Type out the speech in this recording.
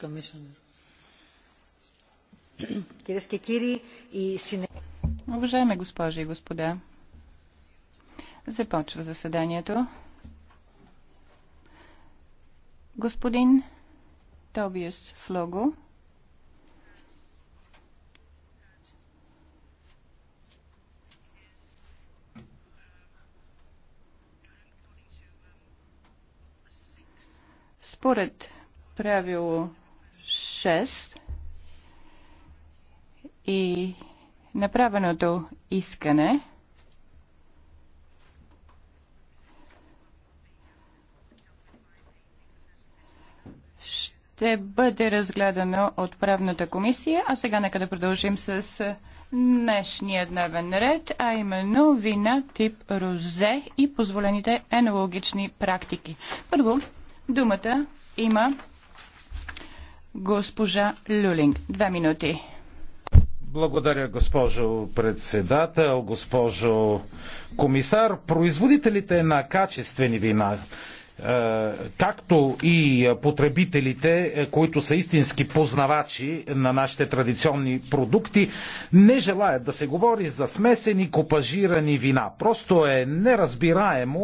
Уважаеми госпожи и господа, започва заседанието. Господин Тобиас Флого според правило 6 и направеното искане ще бъде разгледано от правната комисия. А сега нека да продължим с днешния дневен ред, а именно вина тип розе и позволените енологични практики. Първо, думата има Госпожа Люлинг, две минути. Благодаря, госпожо председател, госпожо комисар. Производителите на качествени вина е, както и потребителите, е, които са истински познавачи на нашите традиционни продукти, не желаят да се говори за смесени, копажирани вина. Просто е неразбираемо